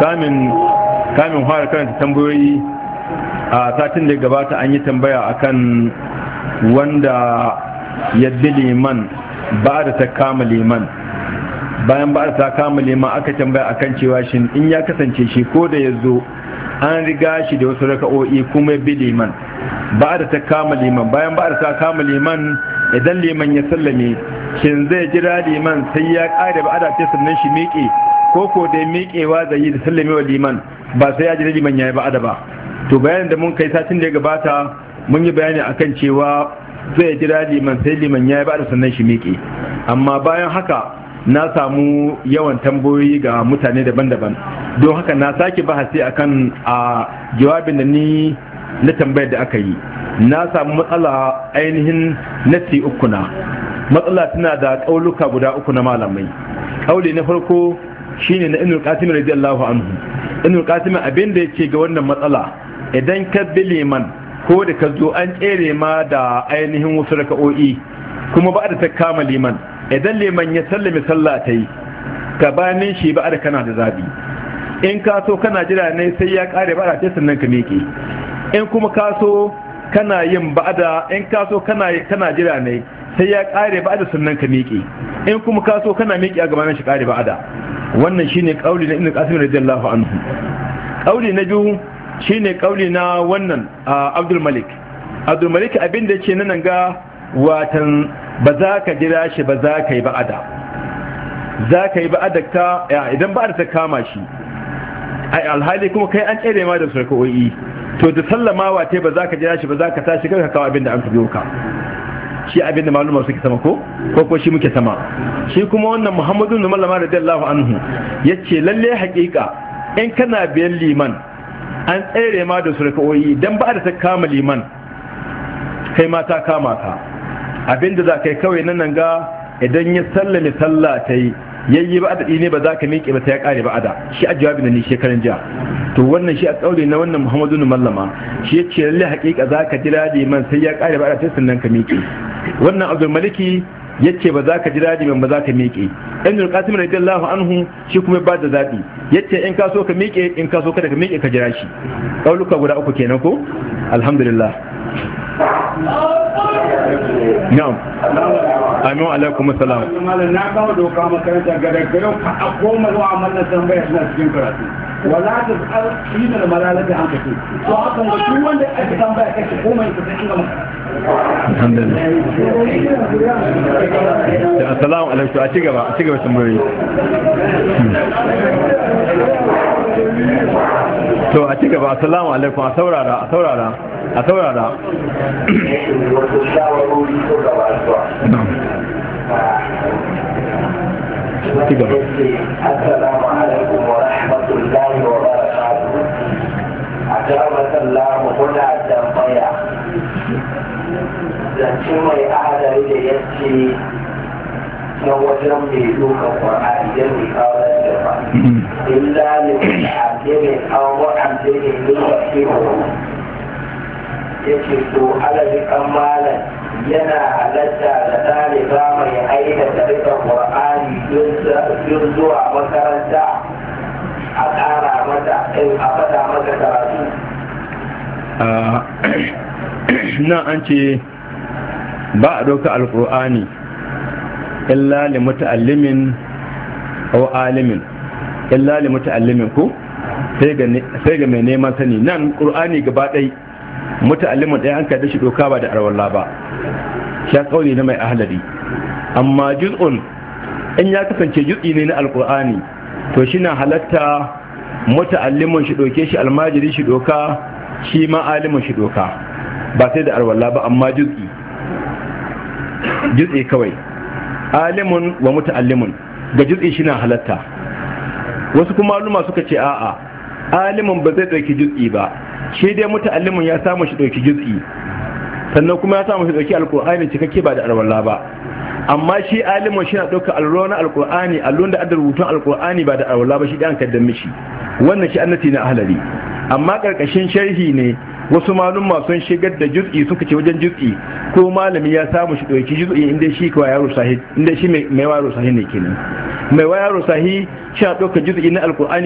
kamin kamin fara karanta tambayoyi a satin da gabata an yi tambaya akan wanda ya bi liman ba da ta kama liman bayan ba da ta kama liman aka tambaya akan cewa shin in ya kasance shi ko da ya zo an riga shi da wasu raka'o'i kuma ya bi liman ba da ta kama liman bayan ba da ta kama liman idan liman ya sallame shin zai jira liman sai ya ƙare ba da ta sannan shi miƙe ko ko da miƙewa zai yi da sallame wa liman ba sai ya ji liman ya yi ba adaba to bayanin da mun kai satin da ya gabata mun yi bayani akan cewa zai jira liman sai liman ya yi ba da sannan shi miƙe amma bayan haka na samu yawan tambayoyi ga mutane daban-daban don haka na sake bahasi akan a jawabin da ni na tambayar da aka yi na samu matsala ainihin nasi uku na matsala tana da ƙauluka guda uku na malamai ƙauli na farko shine na inul qasim radiyallahu anhu inul qasim abin da yake ga wannan matsala idan ka bi liman ko da ka zo an tsere ma da ainihin wasu raka'o'i kuma ba da ta kama liman idan liman ya sallame sallatai ta yi shi ba da kana da zabi in ka so kana jira ne sai ya kare ba da ta sannan ka miƙe in kuma ka so kana yin ba da in ka so kana kana jira ne sai ya kare ba da sannan ka miƙe in kuma ka so kana miƙe a gabanin shi kare ba da wannan shine kauli na ibn qasim radiyallahu anhu kauli na biyu shine kauli na wannan abdul malik abdul malik abin da yake nan ga watan ba za ka jira shi ba za ka yi ba'ada za ka yi ba'ada ka idan ba'ada ta kama shi ai alhali kuma kai an tsere ma da sarko'i to da sallamawa tai ba za ka jira shi ba za ka tashi kanka kawo abin da an fi doka shi abin da maluma suke sama ko ko ko shi muke sama shi kuma wannan muhammadu bin malama radiyallahu anhu yace lalle haƙiƙa in kana biyan liman an tsere ma da surkoyi dan ba da ta kama liman kai ma ta kama ka abinda za kai kawai nan ga idan ya sallame sallah ta yi yayi ba adadi ne ba za ka miƙe ba ta ya ƙare ba ada shi a jawabi na ni shekaran jiya to wannan shi a tsaure na wannan muhammadu nu malama shi ya ce lalle haƙiƙa za ka jira liman sai ya ƙare ba ada sai sannan ka miƙe wannan abdul maliki yace ba za ka ji daɗi ba za ka miƙe ibn al-qasim radiyallahu anhu shi kuma ba da zabi yace in ka so ka miƙe in ka so ka daga miƙe ka jira shi kauluka guda uku kenan ko alhamdulillah na'am amin alaikum assalam na kawo doka makaranta ga daga yau ka akoma zuwa mallan tambaya suna cikin karatu ولازم حل فينا الملالة دي عن كثير سواء شو اللي أجدام بقى كثير هو ما الحمد لله السلام عليكم أتيقى بقى أتيقى بقى سمويني تو أتيقى بقى السلام عليكم أثورا را أثورا را أثورا را نعم أتيقى بقى السلام muna tambaya zance mai adari da ya ce na wajen mai dukan ƙwar'ani da mai kawo da shi ba illa ne da mai kawo wa'anda ne ne ba ke ya ce to alabi kan malam yana halatta da ɗaliba mai aikata dukan ƙwar'ani don zuwa makaranta a ƙara mata in a faɗa mata karatu na an ce ba a ɗauka alƙur'ani illa li muta'allimin aw alimin illa li muta'allimin ko sai ga mai neman sani nan ƙur'ani gaba ɗai muta'allimin ɗaya an kaɗa shi ɗauka ba da arwalla ba sha ƙauni na mai ahalari amma juz'un in ya kasance juz'i ne na alƙur'ani to shi na halatta muta'allimin shi ɗauke shi almajiri shi ɗauka shi ma alimin shi doka ba sai da arwalla ba amma jutsi jutsi kawai alimun wa muta'allimun ga jutsi shi na halatta wasu kuma aluma suka ce a'a alimin ba zai ɗauki jutsi ba shi dai muta'allimin ya samu shi ɗauki jutsi sannan kuma ya samu shi ɗauki alƙur'ani cikakke ba da arwalla ba amma shi alimin shi na ɗauka alrona na alƙur'ani allon da adda rubutun alƙur'ani ba da arwalla ba shi ɗan kaddan mishi wannan shi annati na ahalari amma ƙarƙashin sharhi ne wasu malum masu shigar da juz'i suka ce wajen juz'i ko malami ya samu shi ɗauki juz'i inda shi kawai yaro sahi inda shi mai wayar sahi ne kenan mai wayar sahi shi ɗauka juz'i na alkur'ani